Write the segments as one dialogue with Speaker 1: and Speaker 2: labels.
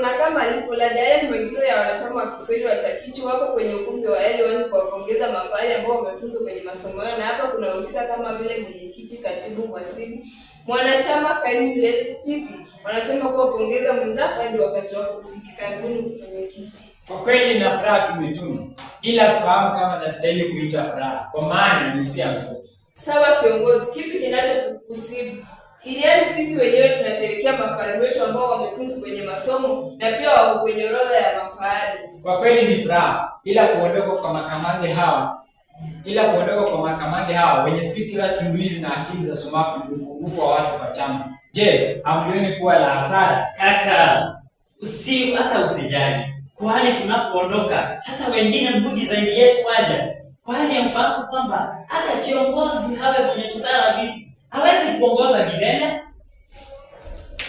Speaker 1: Kuna kama alipo la jaya ni maigizo ya wanachama wa Kiswahili wa Chakichu wako kwenye ukumbi wa L1 kuwapongeza mafahali ambao wamefunzwa kwenye masomo yao, na hapa kuna wahusika kama vile mwenyekiti, katibu, mwasibu, mwanachama Kaini Mlezi Pipi. Wanasema kuwa pongeza mwenzako hadi wakati wako kufika. Karibuni mwenyekiti.
Speaker 2: Kwa kweli na furaha tumetuma, ila sifahamu kama nastahili kuita furaha kwa maana ni hisia mzuri.
Speaker 1: Sawa kiongozi, kipi kinachokusibu? Iliani sisi wenyewe tunasherekea mafahari wetu ambao wamefunzu kwenye masomo na pia wako kwenye orodha ya mafahari.
Speaker 2: Kwa kweli ni furaha, ila kuondoka kwa makamange hawa ila kuondoka kwa makamange hawa wenye fikira tunduizi na akili za sumaku ni upungufu wa watu kwa chama. Je, hamlioni kuwa la hasara
Speaker 3: kaka? Usi hata usijali, kwani tunapoondoka hata wengine mbuji zaidi yetu waja, kwani mfahamu kwamba hata kiongozi hawe mwenye msara vipi hawezi kuongoza milele.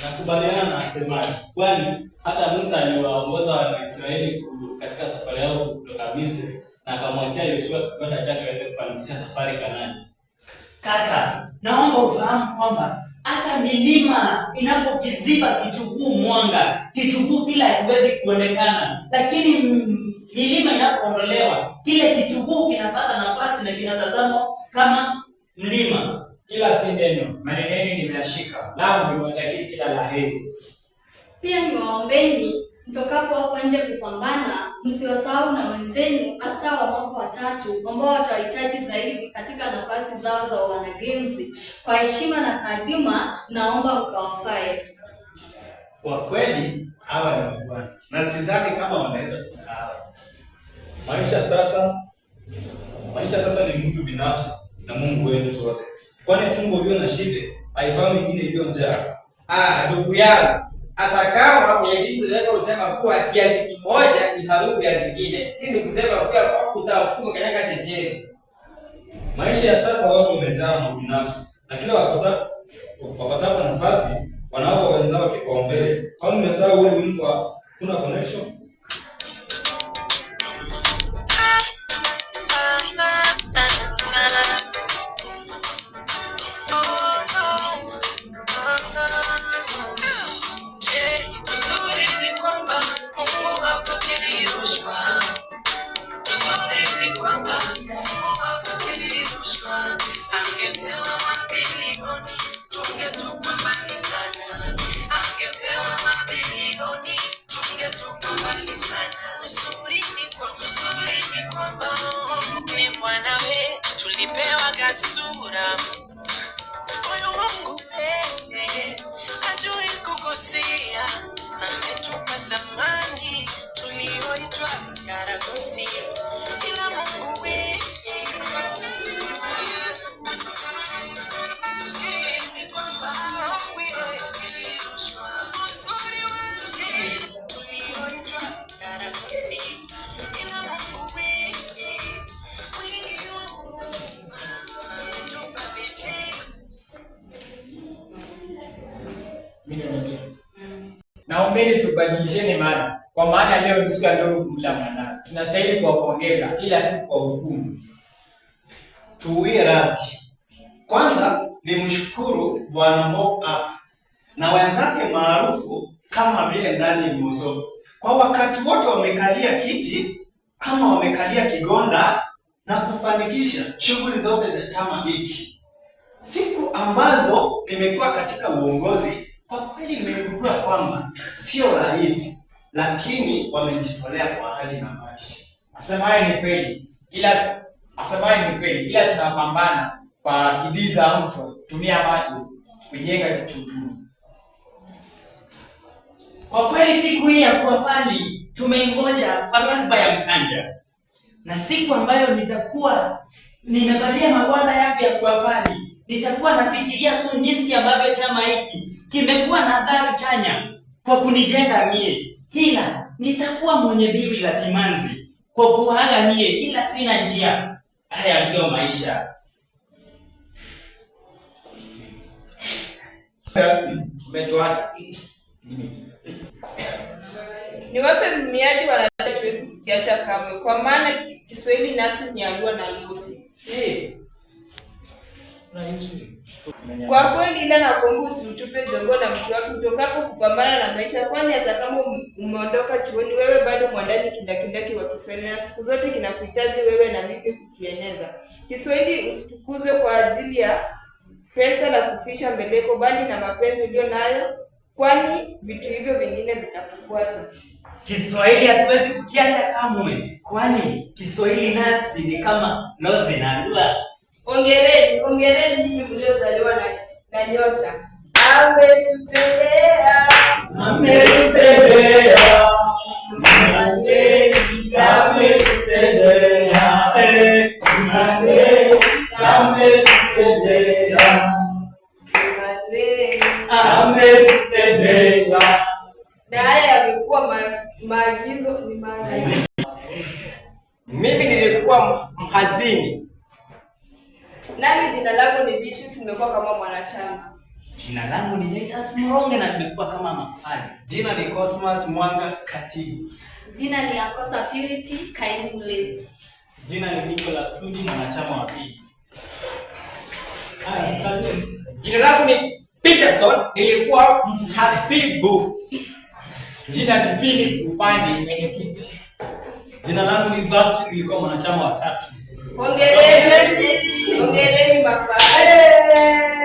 Speaker 2: Nakubaliana na asemaji, kwani hata Musa aliwaongoza Wanaisraeli katika safari yao kutoka Misri na akamwachia Yoshua kibanda chake aweze kufanikisha safari kanani
Speaker 3: Kaka, naomba ufahamu kwamba hata milima inapokiziba kichukuu mwanga, kichukuu kile hakiwezi kuonekana, lakini milima inapoondolewa, kile kichukuu kinapata nafasi na kinatazama kama mlima
Speaker 2: ila si neno maneneni nimeashika, langu niwatakie kila la heri.
Speaker 1: Pia niwaombeni mtokapo hapo nje kupambana, msiwasahau na wenzenu, hasa wa mwaka wa tatu ambao watawahitaji zaidi katika nafasi zao za wanagenzi. Kwa heshima na taadhima, naomba mkawafae.
Speaker 2: Kwa kweli hawa ni wabwana na sidhani kama wanaweza kusahau. Maisha sasa, maisha sasa ni mtu binafsi na Mungu wetu sote kwani tumbo ulio na shibe haifahamu ingine iliyo njaa.
Speaker 3: Ah, ndugu yangu, hata kama mwenyekiti wetu usema kuwa kiasi kimoja ni harufu ya zingine, hii ni kusema kuwa kutahukumu kanyaka chenjeni.
Speaker 2: Maisha ya sasa watu wamejaa na ubinafsi, na kila wakata wakata nafasi wanawapa wenzao kipaumbele. Kwani umesahau ule wimbo kuna connection na sura moyo wangu hajui kukosea, ametupa dhamana milioni nyingine. Naombeni tubadilisheni maana, kwa maana leo ni siku ya ndugu kumla mwanadamu. Tunastahili kuwapongeza, ila si kwa hukumu.
Speaker 4: Tuwie radhi kwanza, ni mshukuru Bwana Moa na wenzake maarufu kama vile ndani Mbosso kwa wakati wote wamekalia kiti kama wamekalia kigonda na kufanikisha shughuli zote za chama hiki. Siku ambazo nimekuwa katika uongozi kwa kweli nimegundua kwamba sio rahisi, lakini wamejitolea kwa hali na maisha.
Speaker 2: Asemaye ni kweli, ila asemaye ni kweli, ila tunapambana kwa bidii za mtu tumia macho kujenga kichuguu.
Speaker 3: Kwa kweli siku hii ya kuafali tumeingoja kwa ya mkanja, na siku ambayo nitakuwa nimevalia magwanda yangu ya kuafali nitakuwa nafikiria tu jinsi ambavyo chama hiki kimekuwa na athari chanya kwa kunijenga mie, ila nitakuwa mwenye biwi la simanzi kwa kuhaga mie, ila sina njia. Haya ndiyo maisha.
Speaker 2: Umetuacha
Speaker 1: niwape miadi wanataa, tuwezi kukiacha kamwe, kwa maana Kiswahili nasi ni alua na losi eh. hey. Kwa kweli ila na Kongo usiutupe jongo na mtu wako utokapo kupambana na maisha, kwani hata kama umeondoka chuoni, wewe bado mwandani kindakindaki wa Kiswahili na siku zote kinakuhitaji wewe na mimi kukieneza. Kiswahili usitukuze kwa ajili ya pesa na kufisha mbeleko, bali na mapenzi ulio nayo, kwani vitu hivyo vingine vitakufuata.
Speaker 3: Kiswahili hatuwezi kukiacha kamwe, kwani Kiswahili nasi ni kama nozi na lula
Speaker 1: Ongereni, ongereni ninyi mliozaliwa na, na nyota. Ametutembea, ametutembea, Na haya maagizo, ni maagizo.
Speaker 3: Mimi nilikuwa mhazini
Speaker 1: Nami jina langu ni Beatrice, nimekuwa kama mwanachama.
Speaker 3: Jina langu ni Jaitas Mronge na nimekuwa kama mafari. Jina ni Cosmas Mwanga Katibu.
Speaker 1: Jina ni Akosa Purity Kindly.
Speaker 3: Jina ni Nicolas Sudi na mwanachama wa pili. sasa. Jina langu ni Peterson, nilikuwa mhasibu. Jina ni Philip Upande, mwenyekiti. Jina langu ni Vasi, nilikuwa mwanachama wa tatu.
Speaker 1: Hongereni. Ok, mi papá. ¡Eh!